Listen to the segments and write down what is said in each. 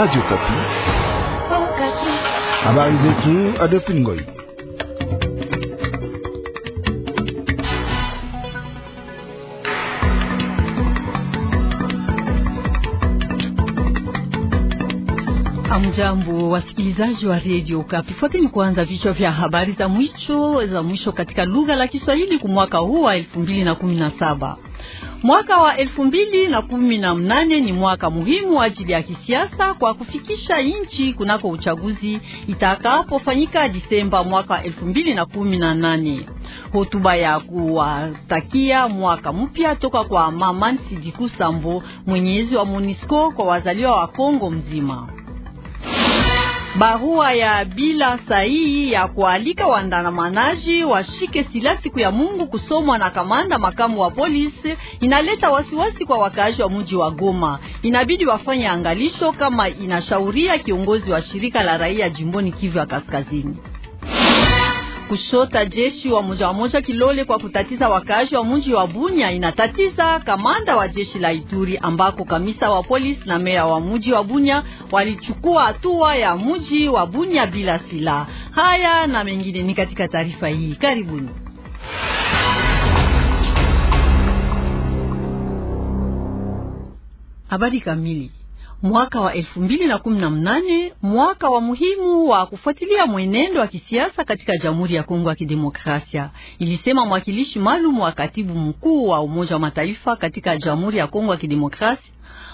Radio Kapi. Habari zetu Adolphine Ngoy. Amjambo, wasikilizaji wa Radio Kapi. Fuateni kwanza vichwa vya habari za mwisho za mwisho katika lugha la Kiswahili kwa mwaka huu wa 2017. Mwaka wa elfu mbili na kumi na mnane ni mwaka muhimu ajili ya kisiasa kwa kufikisha nchi kunako uchaguzi itakapofanyika Disemba mwaka elfu mbili na kumi na nane. Hotuba ya kuwatakia mwaka mpya toka kwa Mama Nsidiku Sambo, mwenyezi wa MONUSCO kwa wazaliwa wa Kongo mzima. Barua ya bila sahihi ya kualika waandamanaji washike silaha siku ya Mungu kusomwa na kamanda makamu wa polisi inaleta wasiwasi kwa wakaaji wa mji wa Goma. Inabidi wafanye angalisho kama inashauria kiongozi wa shirika la raia jimboni Kivu ya Kaskazini kushota jeshi wa moja wa moja Kilole kwa kutatiza wakazi wa mji wa Bunya inatatiza kamanda wa jeshi la Ituri, ambako kamisa wa polisi na meya wa mji wa Bunya walichukua hatua ya mji wa Bunya bila silaha. Haya na mengine ni katika taarifa hii, karibuni. Habari kamili mwaka wa elfu mbili na kumi na mnane mwaka wa muhimu wa kufuatilia mwenendo wa kisiasa katika Jamhuri ya Kongo ya Kidemokrasia, ilisema mwakilishi maalum wa katibu mkuu wa Umoja wa Mataifa katika Jamhuri ya Kongo ya Kidemokrasia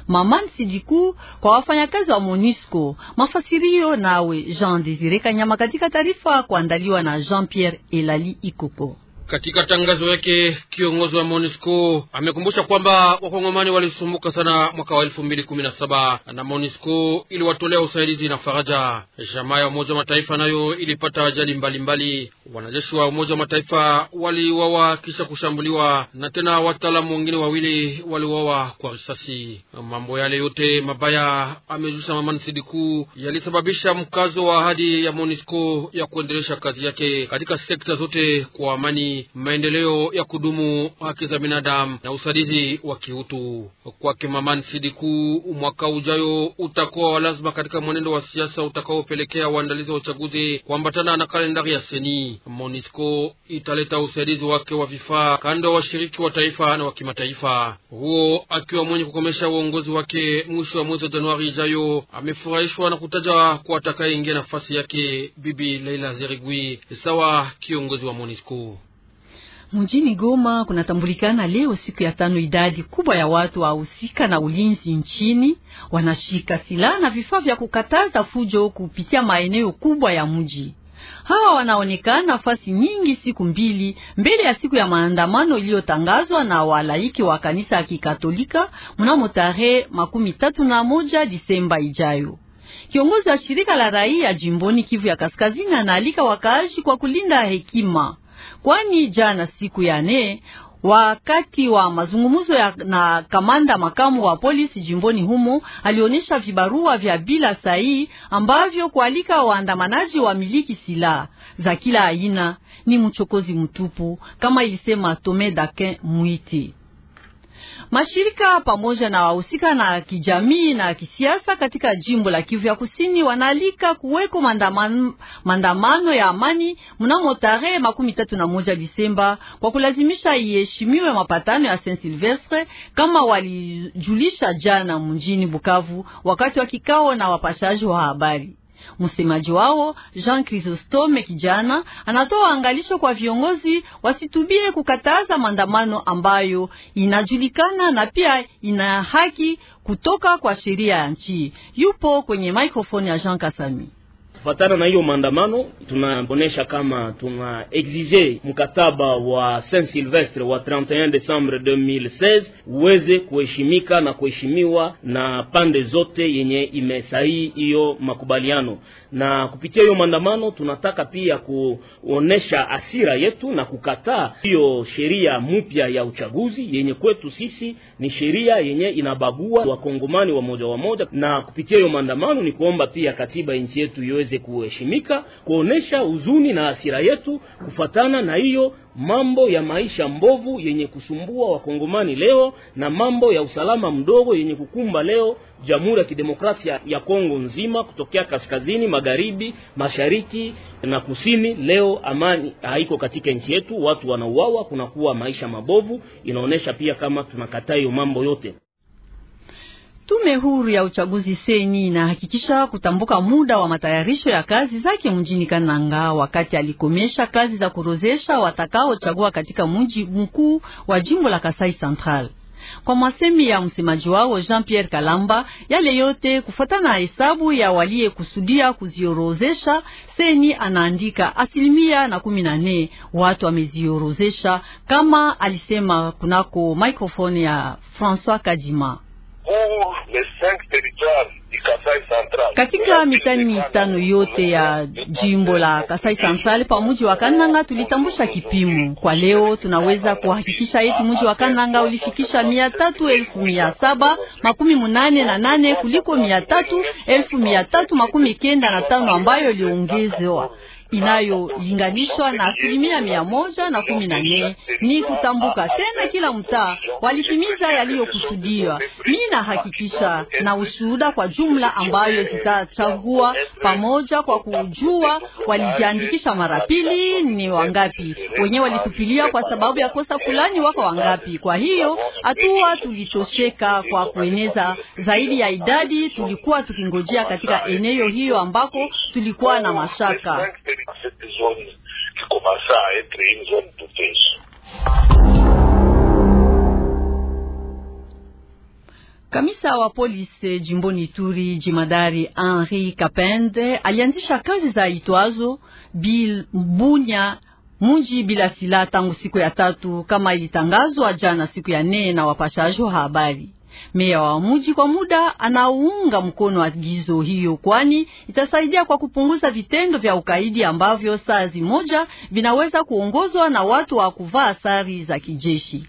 Maman Sidiku kwa wafanyakazi wa MONUSCO. Mafasirio nawe Jean Desire Kanyama katika taarifa kuandaliwa na Jean Pierre Elali Ikoko. Katika tangazo yake kiongozi wa MONUSCO amekumbusha kwamba wakongomani walisumbuka sana mwaka wa elfu mbili kumi na saba na MONUSCO iliwatolea usaidizi na faraja. Jamaa ya Umoja wa Mataifa nayo ilipata ajali mbalimbali. Wanajeshi wa Umoja wa Mataifa waliuawa kisha kushambuliwa, na tena wataalamu wengine wawili waliuawa kwa risasi. Mambo yale yote mabaya, amezusha Mamani Sidiku, yalisababisha mkazo wa ahadi ya MONUSCO ya kuendelesha kazi yake katika sekta zote kwa amani maendeleo ya kudumu, haki za binadamu na usaidizi wa kiutu. Kwake Maman Sidiku, mwaka ujayo utakuwa wa lazima katika mwenendo wa siasa utakaopelekea uandalizi wa uchaguzi kuambatana na kalendari ya Seni. monisco italeta usaidizi wake wa vifaa kando washiriki wa taifa na wa kimataifa. Huo akiwa mwenye kukomesha uongozi wake mwisho wa mwezi wa Januari ijayo, amefurahishwa na kutaja kwa atakayeingia nafasi yake Bibi Leila zerigui sawa kiongozi wa monisco Mjini Goma kunatambulikana leo siku ya tano idadi kubwa ya watu wahusika na ulinzi nchini wanashika silaha na vifaa vya kukataza fujo kupitia maeneo kubwa ya mji. Hawa wanaonekana nafasi nyingi siku mbili mbele ya siku ya maandamano iliyotangazwa na walaiki wa kanisa ya Kikatolika mnamo tarehe makumi tatu na moja Disemba ijayo. Kiongozi wa shirika la raia jimboni Kivu ya Kaskazini anaalika wakaaji kwa kulinda hekima kwani jana siku ya nne wakati wa mazungumzo ya na kamanda makamu wa polisi jimboni humo alionyesha vibarua vya bila sahihi ambavyo kualika waandamanaji wamiliki silaha za kila aina ni mchokozi mtupu, kama ilisema Tome Dakin Mwiti. Mashirika pamoja na wahusika na kijamii na kisiasa katika jimbo la Kivu ya Kusini wanaalika kuweko maandamano ya amani mnamo tarehe makumi tatu na moja Disemba kwa kulazimisha iheshimiwe mapatano ya Saint Silvestre kama walijulisha jana mjini Bukavu wakati wa kikao na wapashaji wa habari. Msemaji wao Jean Chrysostome kijana anatoa angalisho kwa viongozi wasitubie kukataza maandamano ambayo inajulikana na pia ina haki kutoka kwa sheria ya nchi. Yupo kwenye mikrofoni ya Jean Kasami. Kufatana na hiyo maandamano, tunabonesha kama tuna exige mkataba wa Saint Sylvestre wa 31 Desembre 2016 uweze kuheshimika na kuheshimiwa na pande zote yenye imesaini hiyo makubaliano na kupitia hiyo maandamano tunataka pia kuonesha asira yetu na kukataa hiyo sheria mpya ya uchaguzi yenye kwetu sisi ni sheria yenye inabagua wakongomani wa moja wa moja, na kupitia hiyo maandamano ni kuomba pia katiba nchi yetu iweze kuheshimika, kuonesha huzuni na asira yetu kufatana na hiyo mambo ya maisha mbovu yenye kusumbua wakongomani leo na mambo ya usalama mdogo yenye kukumba leo Jamhuri ya Kidemokrasia ya Kongo nzima, kutokea kaskazini, magharibi, mashariki na kusini. Leo amani haiko katika nchi yetu, watu wanauawa, kunakuwa maisha mabovu. Inaonyesha pia kama tunakataa hiyo mambo yote. Tume huru ya uchaguzi seni inahakikisha kutambuka muda wa matayarisho ya kazi zake mjini Kananga, wakati alikomesha kazi za kurozesha watakaochagua katika mji mkuu wa jimbo la Kasai Central. Kwa masemi ya msemaji wao Jean Pierre Kalamba, yale yote kufuatana na hesabu ya waliyekusudia kuziorozesha. Seni anaandika asilimia na kumi na nne watu wameziorozesha, kama alisema kunako microphone ya François Kadima. Katika mitani mitano yote ya jimbo la Kasai Central pa mji wa Kananga tulitambusha kipimo. Kwa leo tunaweza kuhakikisha eti mji wa Kananga ulifikisha mia tatu elfu mia saba makumi munane na nane kuliko mia tatu elfu mia tatu makumi kenda na tano ambayo iliongezewa inayolinganishwa na asilimia mia moja na kumi na nne. Ni kutambuka tena kila mtaa walitimiza yaliyokusudiwa. Mi nahakikisha na ushuhuda kwa jumla ambayo zitachagua pamoja kwa kujua walijiandikisha mara pili ni wangapi, wenyewe walitupilia kwa sababu ya kosa fulani wako wangapi. Kwa hiyo hatua tulitosheka kwa kueneza zaidi ya idadi tulikuwa tukingojea katika eneo hiyo ambako tulikuwa na mashaka zone qui commença à être une zone douteuse. Kamisa wa polisi jimboni Ituri jimadari Henri Kapende alianzisha kazi za itwazo bil mbunya munji bila silaha tangu siku ya tatu kama ilitangazwa jana siku ya nne na wapashaji wa habari. Meya wa muji kwa muda anaunga mkono agizo hiyo, kwani itasaidia kwa kupunguza vitendo vya ukaidi ambavyo saa zimoja vinaweza kuongozwa na watu wa kuvaa sari za kijeshi.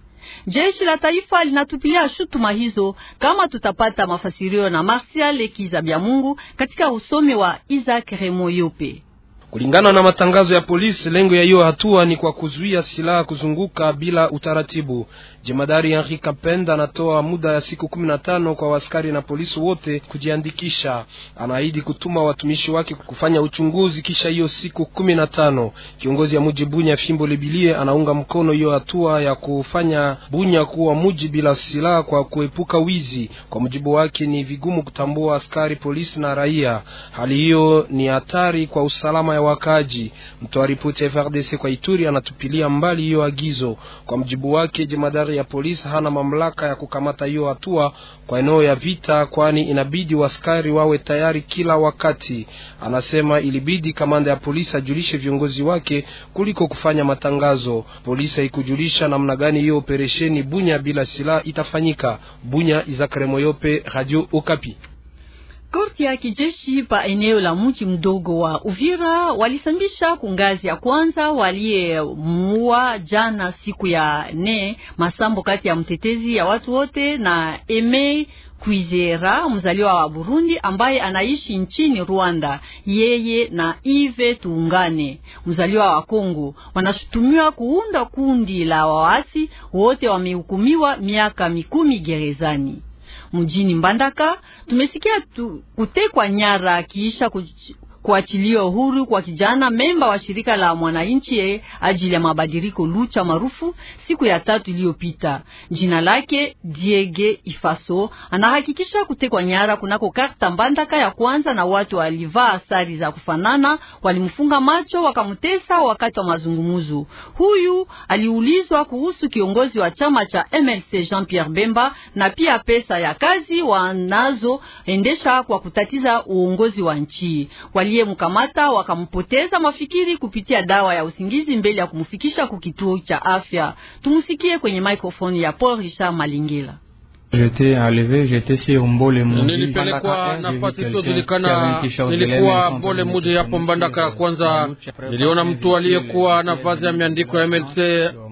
Jeshi la taifa linatupilia shutuma hizo, kama tutapata mafasirio na Marsial Kiza Bya Mungu katika usomi wa Isaac Remoyope. Yope. Kulingana na matangazo ya polisi, lengo ya hiyo hatua ni kwa kuzuia silaha kuzunguka bila utaratibu. Jemadari Henri Kapenda anatoa muda ya siku kumi na tano kwa waskari na polisi wote kujiandikisha. Anaahidi kutuma watumishi wake kufanya uchunguzi kisha hiyo siku kumi na tano. Kiongozi ya muji Bunya Fimbo Lebilie anaunga mkono hiyo hatua ya kufanya Bunya kuwa muji bila silaha kwa kuepuka wizi. Kwa mujibu wake, ni vigumu kutambua askari polisi na raia. Hali hiyo ni hatari kwa usalama ya wakaaji. Mtoa ripoti ya FRDC kwa Ituri anatupilia mbali hiyo agizo. Kwa mjibu wake, jemadari ya polisi hana mamlaka ya kukamata hiyo hatua kwa eneo ya vita, kwani inabidi waskari wawe tayari kila wakati. Anasema ilibidi kamanda ya polisi ajulishe viongozi wake kuliko kufanya matangazo. Polisi haikujulisha namna gani hiyo operesheni Bunya bila silaha itafanyika. Bunya, Izakare Moyope, Radio Okapi. Korti ya kijeshi pa eneo la mji mdogo wa Uvira walisambisha kungazi ya kwanza waliyemuua jana siku ya ne masambo kati ya mtetezi ya watu wote na Eme Kwizera mzaliwa wa Burundi ambaye anaishi nchini Rwanda, yeye na Ive Tuungane mzaliwa wa Kongo wanashutumiwa kuunda kundi la waasi. Wote wamehukumiwa miaka mikumi gerezani mjini Mbandaka. Tumesikia tu kutekwa nyara akiisha kuachiliwa uhuru kwa kijana memba wa shirika la mwananchi eh, ajili ya mabadiliko Lucha maarufu siku ya tatu iliyopita. Jina lake Diege Ifaso anahakikisha kutekwa nyara kunako karta mbandaka ya kwanza na watu walivaa sari za kufanana, walimfunga macho wakamtesa wakati wa mazungumzo. Huyu aliulizwa kuhusu kiongozi wa chama cha MLC Jean Pierre Bemba na pia pesa ya kazi wanazoendesha kwa kutatiza uongozi wa nchi Wali aliyemkamata wakampoteza mafikiri kupitia dawa ya usingizi mbele ya kumfikisha kukituo cha afya. Tumusikie kwenye microphone ya Paul Richard Malingila. Nilipelekwa nafasi isiyojulikana. Nilikuwa mbole muji hapo Mbandaka ya kwanza, niliona mtu aliyekuwa na vazi ya miandiko ya MLC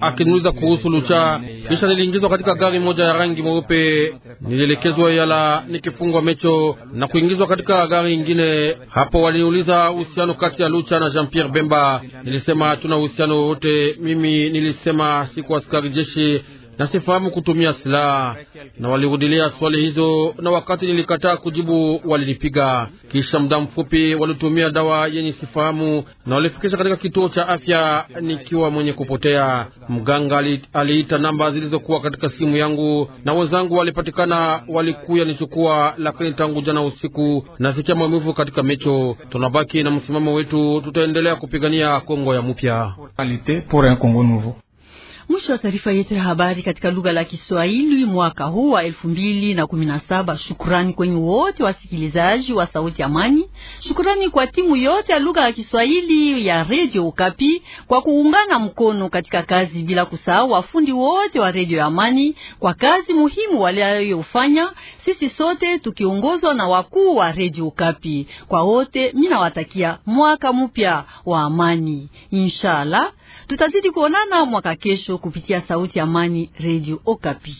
akiniuliza kuhusu Lucha, kisha niliingizwa katika gari moja ya rangi mweupe, nilielekezwa Yala nikifungwa mecho na kuingizwa katika gari ingine. Hapo waliniuliza uhusiano kati ya Lucha na Jean Pierre Bemba. Nilisema tuna uhusiano wote. Mimi nilisema sikuwa askari jeshi na sifahamu kutumia silaha, na walirudilia swali hizo, na wakati nilikataa kujibu walinipiga. Kisha muda mfupi walitumia dawa yenye sifahamu na walifikisha katika kituo cha afya nikiwa mwenye kupotea. Mganga aliita namba zilizokuwa katika simu yangu na wenzangu walipatikana, walikuya nichukua, lakini tangu jana usiku nasikia maumivu katika mecho. Tunabaki na msimamo wetu, tutaendelea kupigania Kongo ya mpya. Mwisho wa taarifa yetu ya habari katika lugha la Kiswahili mwaka huu wa elfu mbili na kumi na saba. Shukurani kwenye wote wasikilizaji wa Sauti ya Amani. Shukurani kwa timu yote ya lugha ya Kiswahili ya Redio Ukapi kwa kuungana mkono katika kazi, bila kusahau wafundi wote wa Redio ya Amani kwa kazi muhimu waliyofanya, sisi sote tukiongozwa na wakuu wa Redio Ukapi. Kwa wote, nawatakia mwaka mpya wa amani, inshallah. Tutazidi kuonana mwaka kesho kupitia Sauti ya Amani, Radio Okapi.